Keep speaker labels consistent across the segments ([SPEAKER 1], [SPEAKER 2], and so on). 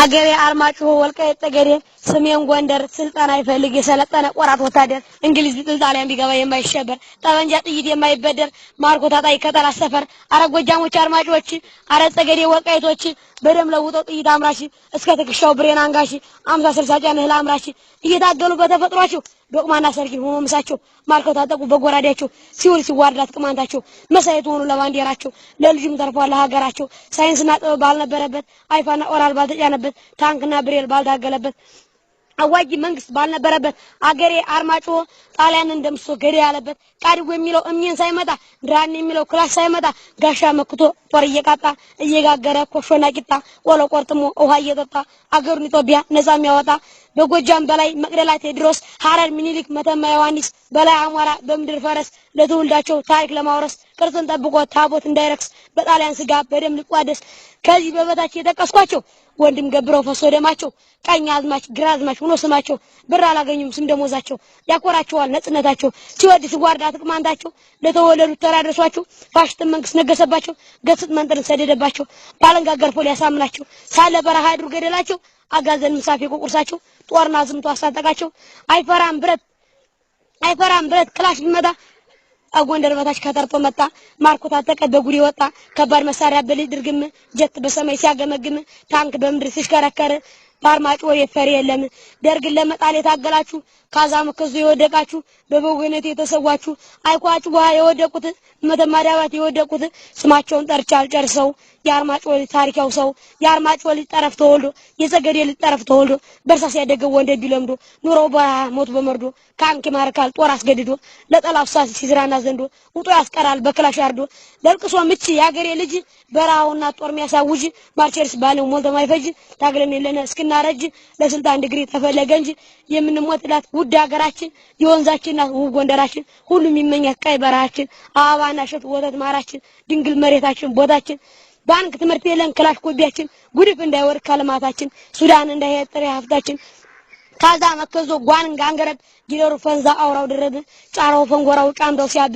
[SPEAKER 1] አገሬ አርማጭሆ ወልቃይት ጠገዴ ሰሜን ጎንደር ስልጠና አይፈልግ የሰለጠነ ቆራት ወታደር እንግሊዝ ቢጥል ጣሊያን ቢገባ የማይሸበር ጠመንጃ ጥይት የማይበደር ማርኮ ታጣይ ከጠላት ሰፈር አረ ጎጃሞች አድማጮች አረ ጸገዴ በደም ለውጠው ጥይት አምራች እስከ ትከሻው ብሬን አንጋሽ አምሳ ስልሳ ጫን እህል አምራሽ እየታገሉ በተፈጥሯቸው ዶቅማና ሰርኪን ሆኖ ምሳቸው ማርከው ታጠቁ በጎራዴያቸው ሲውል ሲዋርዳት ቅማንታቸው መሳየት ሆኑ ለባንዲራቸው ለልጅም ተርፏል ለሀገራቸው ሳይንስና ጥበብ ባልነበረበት አይፋና ኦራል ባልተጫነበት ታንክና ብሬል ባልታገለበት አዋጊ መንግስት ባልነበረበት አገሬ አርማጮ ጣሊያን እንደምሶ ገዴ ያለበት ቃዲጎ የሚለው እምኔን ሳይመጣ ድራን የሚለው ክላስ ሳይመጣ ጋሻ መክቶ ጦር እየቃጣ እየጋገረ ኮሾና ቂጣ ቆሎ ቆርጥሞ ውሃ እየጠጣ አገሩን ኢትዮጵያ ነጻ የሚያወጣ በጎጃም በላይ መቅደላ ቴድሮስ ሐረር ሚኒሊክ መተማ ዮሐንስ፣ በላይ አማራ በምድር ፈረስ ለትውልዳቸው ታሪክ ለማውረስ ቅርጽን ጠብቆ ታቦት እንዳይረክስ በጣሊያን ስጋ በደም ሊቋደስ ከዚህ በበታች የጠቀስኳቸው ወንድም ገብረው ፈሶ ደማቸው ቀኝ አዝማች ግራ አዝማች ሆኖ ስማቸው ብር አላገኙም ስም ደሞዛቸው ያኮራቸዋል ነጽነታቸው ሲወድ ሲጓርድ ትቅማንታቸው ለተወለዱት ተራደሷቸው ፋሽስት መንግስት ነገሰባቸው ገስጥ መንጥርን ሰደደባቸው ባለንጋ ገርፎ ሊያሳምናቸው ሳለ በረሃ ድሩ ገደላቸው አጋዘን ምሳፌ ቁቁርሳቸው ጦርና ዝምቶ አሳጠቃቸው አይፈራም ብረት አይፈራም ብረት ክላሽ ቢመታ አጎንደር በታች ከተርቶ መጣ። ማርኮ ታጠቀ በጉሪ ወጣ። ከባድ መሳሪያ በልጅ ድርግም ጀት በሰማይ ሲያገመግም ታንክ በምድር ሲሽከረከር ባርማጭ ወይ ፈሪ የለም። ደርግን ለመጣል የታገላችሁ ካዛም ከዙ የወደቃችሁ በበጎነት የተሰዋችሁ አይኳችሁ ውሃ የወደቁት መተማዳባት የወደቁት ስማቸውን ጠርቻል ጨርሰው የአርማጭ ወል ታሪካው ሰው የአርማጭ ወል ጠረፍ ተወልዶ የዘገዴ ልጅ ጠረፍ ተወልዶ በእርሳስ ያደገው ወንድ ቢለምዶ ኑሮ በረሃ ሞት በመርዶ ከአንኪ ማርካል ጦር አስገድዶ ለጠላፍ ሳስ ሲዝራና ዘንዶ ውጦ ያስቀራል በክላሽ አርዶ ለልቅሶ ምች የአገሬ ልጅ በረሃውና ጦር ሚያሳውጅ ማርቸርስ ባለው ሞልተ ማይፈጅ ታግለን የለነ እስክናረጅ ለስልጣን ዲግሪ ተፈለገ እንጂ የምንሞትላት ውድ ሀገራችን የወንዛችን ናት ውብ ጎንደራችን ሁሉም ይመኛት ቀይ በረሃችን አበባና እሸት ወተት ማራችን ድንግል መሬታችን ቦታችን ባንክ ትምህርት የለን ክላሽ ኮቢያችን ጉድፍ እንዳይወርድ ከልማታችን ሱዳን እንዳይሄድ ጥሬ ሀብታችን ካዛ መከዞ ጓን ጋንገረብ ጊለሩ ፈንዛ አውራው ድረብ ጫራው ፈንጎራው ቃምዳው ሲያብብ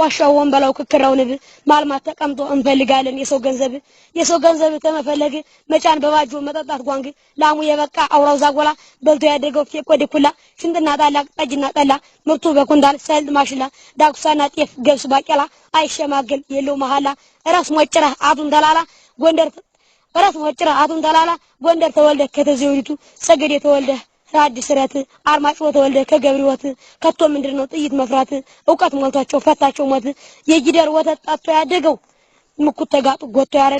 [SPEAKER 1] ዋሻው ወንበላው ክክራው ንብ ማልማት ተቀምጦ እንፈልጋለን የሰው ገንዘብ የሰው ገንዘብ ተመፈለግ መጫን በባጆ መጠጣት ጓንግ ላሙ የበቃ አውራው ዛጎላ በልቶ ያደገው ፌቆ ድኩላ ሽንጥና ጣላቅ ጠጅና ጠላ ምርቱ በኩንዳል ሰልጥ ማሽላ ዳኩሳና ጤፍ ገብስ ባቄላ አይሸማገል የለው መሃላ ራስ ሞጭራ አቱን ተላላ ጎንደር ራስ ሞጭራ አቱን ተላላ ጎንደር ተወልደ ከተዘውሪቱ ሰገዴ ተወልደ ከአዲስ ረት አርማጭሆ ተወልደ ከገብሪወት ከቶ ምንድን ነው ጥይት መፍራት እውቀት ሞልቷቸው ፈታቸው ሞት የጊደር ወተት ጠጥቶ ያደገው ምኩት ተጋጡ ጎቶ ያረ